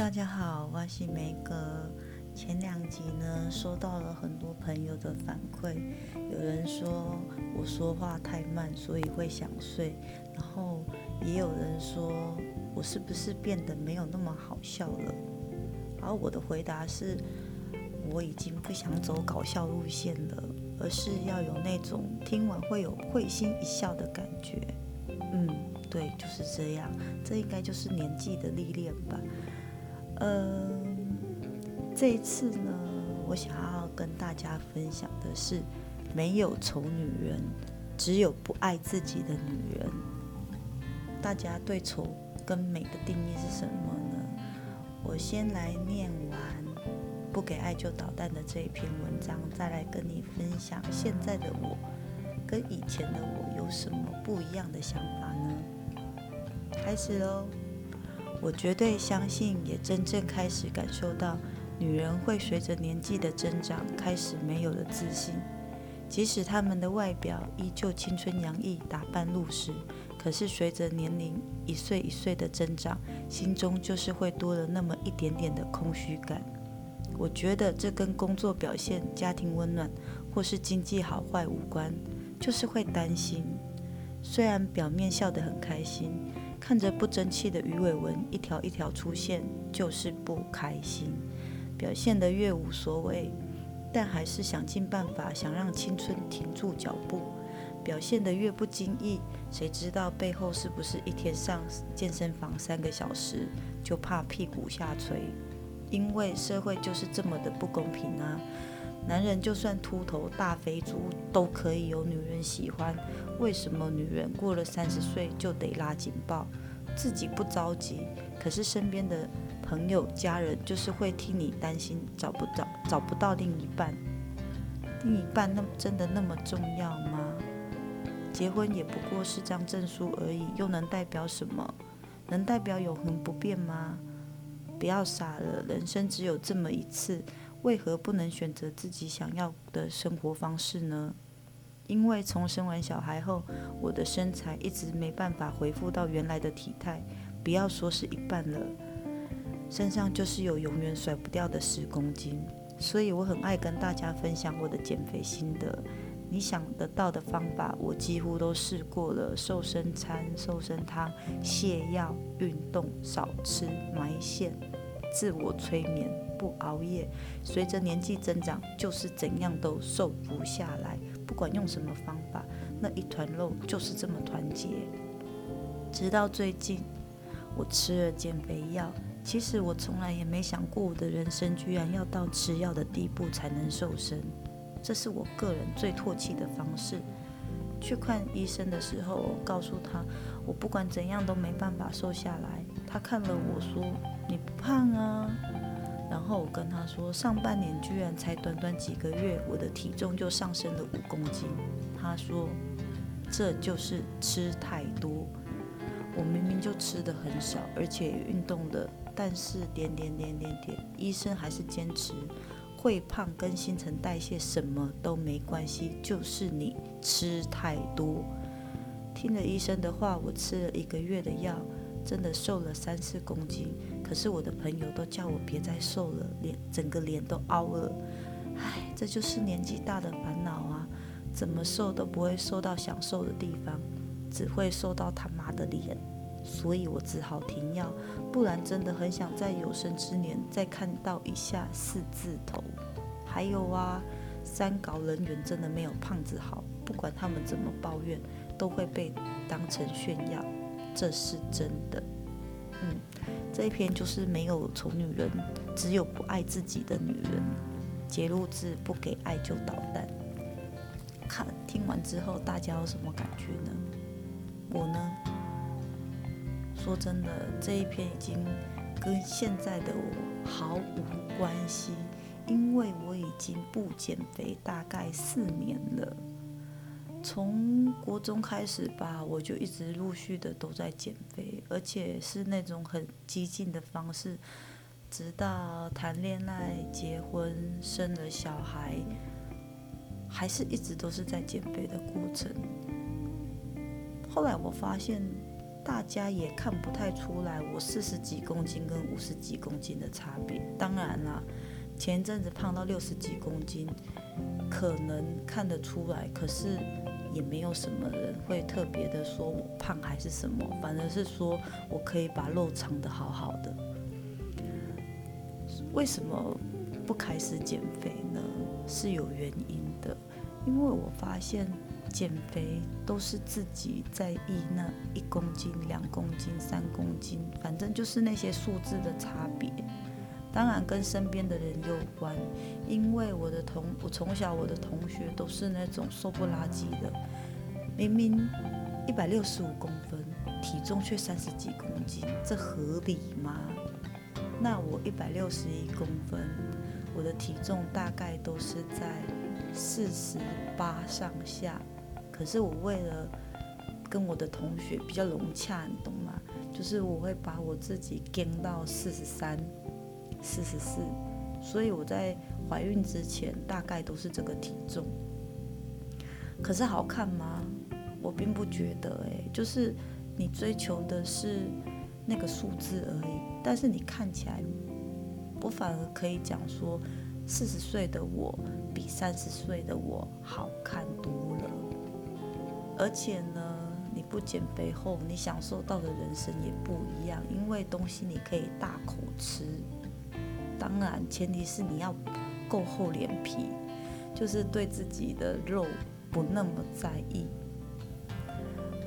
大家好，我是梅格。前兩集呢，收到了很多朋友的反饋，有人說我說話太慢，所以會想睡，然後也有人說我是不是變得沒有那麼好笑了？而我的回答是，我已經不想走搞笑路線了，而是要有那種聽完會有會心一笑的感覺。嗯，對，就是這樣。這應該就是年紀的歷練吧。嗯、呃，這一次呢，我想要跟大家分享的是，沒有醜女人，只有不愛自己的女人。大家對醜跟美的定義是什麼呢？我先來念完“不給愛就搗蛋”的這一篇文章，再來跟你分享現在的我跟以前的我有什麼不一樣的想法呢？開始嘍。我絕對相信，也真正開始感受到，女人會隨着年紀的增長，開始沒有了自信。即使她們的外表依舊青春洋溢，打扮入時，可是隨着年齡一歲一歲的增長，心中就是會多了那麼一點點的空虛感。我覺得這跟工作表現、家庭溫暖或是經濟好壞無關，就是會擔心。雖然表面笑得很開心。看着不爭氣的魚尾紋一條一條出現，就是不開心。表現得越無所謂，但還是想盡辦法想讓青春停住腳步。表現得越不經意，誰知道背後是不是一天上健身房三個小時，就怕屁股下垂。因為社會就是這麼的不公平啊。男人就算禿頭大肥豬都可以有女人喜歡，為什麼女人過了三十歲就得拉警報？自己不着急，可是身邊的朋友家人就是會替你擔心，找不找找不到另一半？另一半那真的那麼重要嗎？結婚也不過是張證書而已，又能代表什麼？能代表永恆不變嗎？不要傻了，人生只有這麼一次。為何不能選擇自己想要的生活方式呢？因為從生完小孩後，我的身材一直沒辦法恢復到原來的體態，不要說是一半了，身上就是有永遠甩不掉的十公斤。所以我很愛跟大家分享我的減肥心得，你想得到的方法，我幾乎都試過了：瘦身餐、瘦身湯、瀉藥、運動、少吃、埋線。自我催眠，不熬夜。隨着年紀增長，就是怎樣都瘦不下來，不管用什麼方法，那一團肉就是這麼團結。直到最近，我吃了減肥藥。其實我從來也沒想過，我的人生居然要到吃藥的地步才能瘦身。這是我個人最唾棄的方式。去看醫生的時候，我告訴他，我不管怎樣都沒辦法瘦下來。他看了我說，你不胖啊？然後我跟他說，上半年居然才短短幾個月，我的體重就上升了五公斤。他說，這就是吃太多。我明明就吃的很少，而且運動的，但是點點點點點，醫生還是堅持，會胖跟新陳代謝什麼都沒關係，就是你吃太多。聽了醫生的話，我吃了一個月的藥。真的瘦了三四公斤，可是我的朋友都叫我別再瘦了，臉整個臉都凹了。唉，這就是年紀大的煩惱啊！怎麼瘦都不會瘦到想瘦的地方，只會瘦到他媽的臉。所以我只好停藥，不然真的很想在有生之年再看到一下四字頭。還有啊，三高人緣真的沒有胖子好，不管他們怎麼抱怨，都會被當成炫耀。這是真的，嗯，這一篇就是沒有醜女人，只有不愛自己的女人。節錄制不給愛就搗蛋。看，聽完之後大家有什麼感覺呢？我呢，說真的，這一篇已經跟現在的我毫無關係，因為我已經不減肥大概四年了。從國中開始吧，我就一直陸續的都在減肥，而且是那種很激進的方式，直到談戀愛、結婚、生了小孩，還是一直都是在減肥的過程。後來我發現，大家也看不太出來我四十幾公斤跟五十幾公斤的差別。當然啦，前陣子胖到六十幾公斤，可能看得出來，可是。也沒有什麼人會特別的說我胖還是什麼，反而是說我可以把肉藏得好好的。為什麼不開始減肥呢？是有原因的，因為我發現減肥都是自己在意那一公斤、兩公斤、三公斤，反正就是那些數字的差別。當然跟身邊的人有關，因為我的同我從小我的同學都是那種瘦不拉幾的，明明一百六十五公分，體重卻三十幾公斤，這合理嗎？那我一百六十一公分，我的體重大概都是在四十八上下，可是我為了跟我的同學比較融洽，你懂嗎？就是我會把我自己減到四十三。四十四，所以我在懷孕之前大概都是這個體重。可是好看嗎？我並不覺得。欸，哎，就是你追求的是那個數字而已。但是你看起來，我反而可以講說，四十歲的我比三十歲的我好看多了。而且呢，你不減肥後，你享受到的人生也不一樣，因為東西你可以大口吃。當然，前提是你要夠厚臉皮，就是對自己的肉不那麼在意。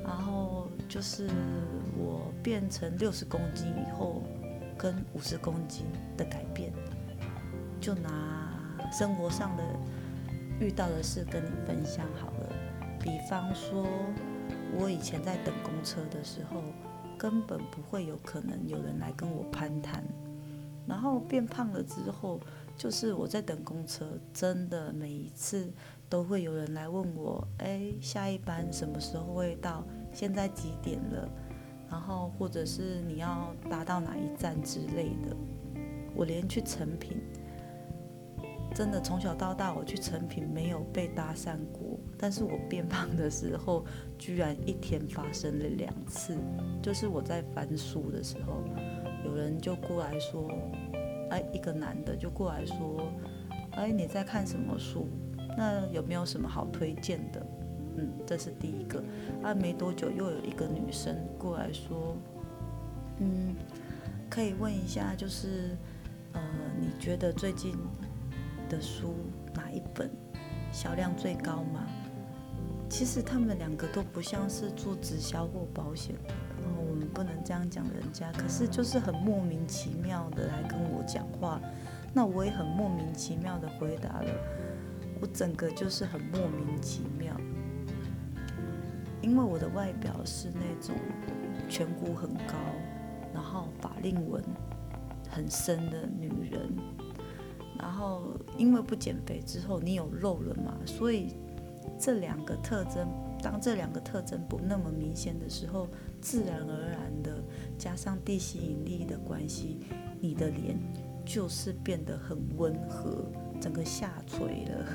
然後就是我變成六十公斤以後跟五十公斤的改變，就拿生活上的遇到的事跟你分享好了。比方說，我以前在等公車的時候，根本不會有可能有人來跟我攀談。然後變胖了之後，就是我在等公車，真的每一次都會有人來問我，哎，下一班什麼時候會到？現在幾點了？然後或者是你要搭到哪一站之類的。我連去誠品，真的從小到大我去誠品沒有被搭訕過，但是我變胖的時候，居然一天發生了兩次，就是我在翻書的時候。有人就過來說，哎，一個男的就過來說，哎，你在看什麼書？那有沒有什麼好推薦的？嗯，這是第一個。啊，沒多久又有一個女生過來說，嗯，可以問一下，就是呃，你覺得最近的書哪一本銷量最高嗎？其實他們兩個都不像是做直銷或保險的。不能這樣講人家，可是就是很莫名其妙的來跟我講話，那我也很莫名其妙的回答了，我整個就是很莫名其妙，因為我的外表是那種顴骨很高，然後法令紋很深的女人，然後因為不減肥之後你有肉了嘛，所以這兩個特徵。當這兩個特徵不那麼明顯的時候，自然而然的加上地吸引力的關係，你的臉就是變得很溫和，整個下垂了。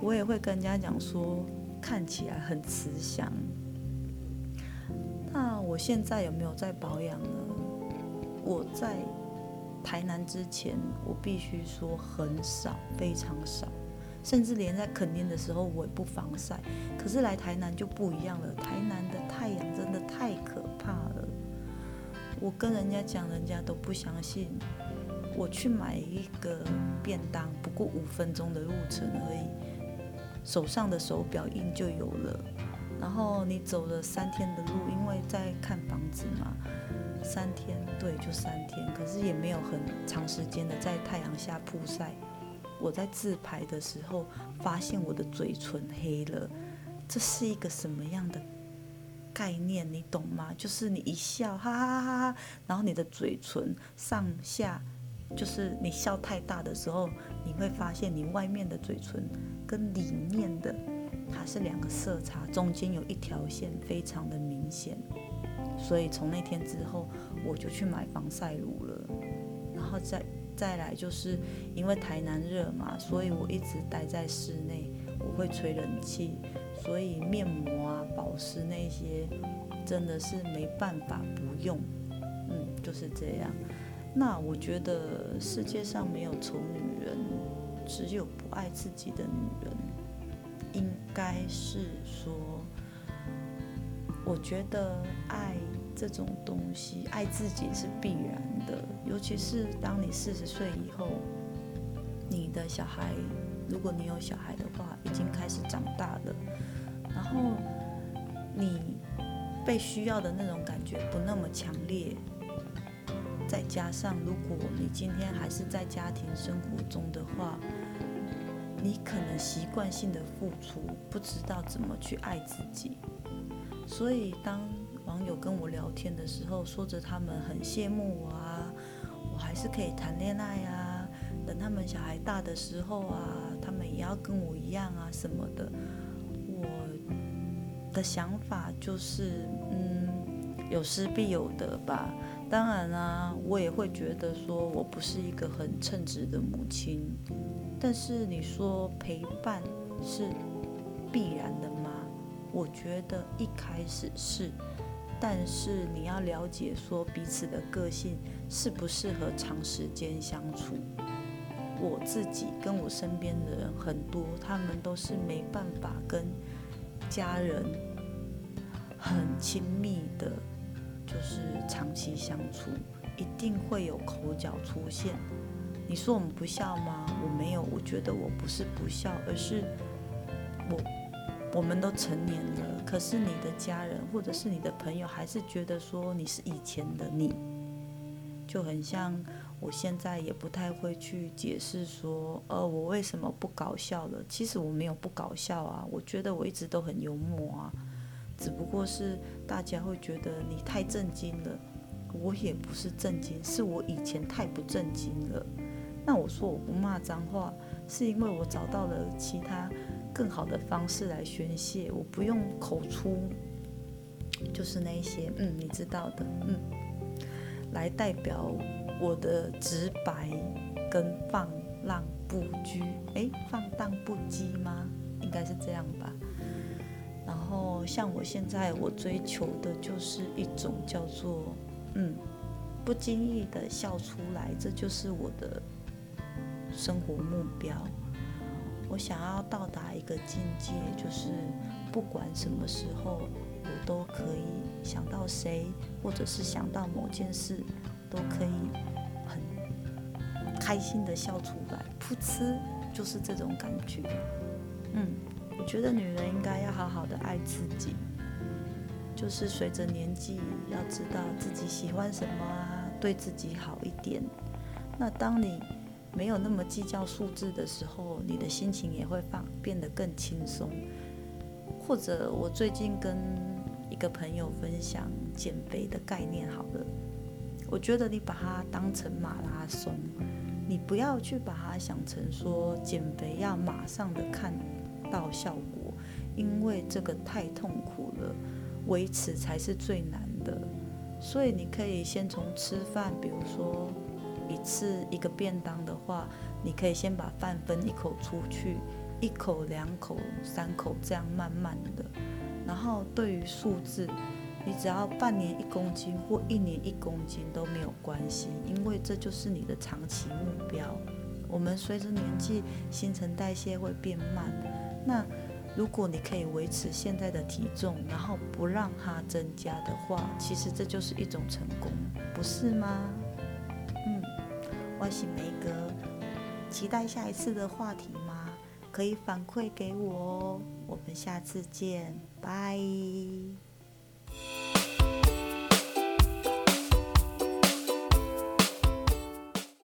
我也會跟人家講說，看起來很慈祥。那我現在有沒有在保養呢？我在台南之前，我必須說很少，非常少。甚至連在墾丁的時候，我也不防曬。可是來台南就不一樣了，台南的太陽真的太可怕了。我跟人家講，人家都不相信。我去買一個便當，不過五分鐘的路程而已，手上的手錶印就有了。然後你走了三天的路，因為在看房子嘛，三天，對，就三天，可是也沒有很長時間的在太陽下曝曬。我在自拍的時候發現我的嘴唇黑了，這是一個什麼樣的概念？你懂嗎？就是你一笑，哈哈哈哈，然後你的嘴唇上下，就是你笑太大的時候，你會發現你外面的嘴唇跟裡面的它是兩個色差，中間有一條線非常的明顯。所以從那天之後，我就去買防曬乳了，然後再。再來就是因為台南熱嘛，所以我一直待在室內。我會吹冷氣，所以面膜啊、保濕那些真的是沒辦法不用。嗯，就是這樣。那我覺得世界上沒有醜女人，只有不愛自己的女人。應該是說，我覺得愛。這種東西，愛自己是必然的，尤其是當你四十歲以後，你的小孩，如果你有小孩的話，已經開始長大了，然後你被需要的那種感覺不那麼強烈，再加上如果你今天還是在家庭生活中的話，你可能習慣性的付出，不知道怎麼去愛自己，所以當，網友跟我聊天的時候，說着他們很羨慕我啊，我還是可以談戀愛啊，等他們小孩大的時候啊，他們也要跟我一樣啊什麼的。我的想法就是，嗯，有失必有得吧。當然啦、啊，我也會覺得說我不是一個很稱職的母親，但是你說陪伴是必然的嗎？我覺得一開始是。但是你要了解，說彼此的個性適不適合長時間相處。我自己跟我身邊的人很多，他們都是沒辦法跟家人很親密的，就是長期相處，一定會有口角出現。你說我們不孝嗎？我沒有，我覺得我不是不孝，而是我。我們都成年了，可是你的家人或者是你的朋友還是覺得說你是以前的你，就很像我現在也不太會去解釋說，呃，我為什麼不搞笑了？其實我沒有不搞笑啊，我覺得我一直都很幽默啊，只不過是大家會覺得你太正經了。我也不是正經，是我以前太不正經了。那我說我不罵髒話，是因為我找到了其他。更好的方式來宣洩，我不用口出，就是那一些，嗯，你知道的，嗯，來代表我的直白跟放浪不羈，哎、欸，放蕩不羈嗎？應該是這樣吧。然後像我現在，我追求的就是一種叫做，嗯，不經意的笑出來，這就是我的生活目標。我想要到達一個境界，就是不管什麼時候，我都可以想到誰，或者是想到某件事，都可以很開心地笑出來，噗呲，就是這種感覺。嗯，我覺得女人應該要好好的愛自己，就是隨着年紀，要知道自己喜歡什麼啊，對自己好一點。那當你。沒有那麼計較數字的時候，你的心情也會放變得更輕鬆。或者我最近跟一個朋友分享減肥的概念，好了，我覺得你把它當成馬拉松，你不要去把它想成說減肥要馬上的看到效果，因為這個太痛苦了，維持才是最難的。所以你可以先從吃飯，比如說。一次一個便當的話，你可以先把飯分一口出去，一口、兩口、三口這樣慢慢的。然後對於數字，你只要半年一公斤或一年一公斤都沒有關係，因為這就是你的長期目標。我們隨着年紀，新陳代謝會變慢。那如果你可以維持現在的體重，然後不讓它增加的話，其實這就是一種成功，不是嗎？我是梅格，期待下一次的話題嗎？可以反饋給我哦。我們下次見，拜拜。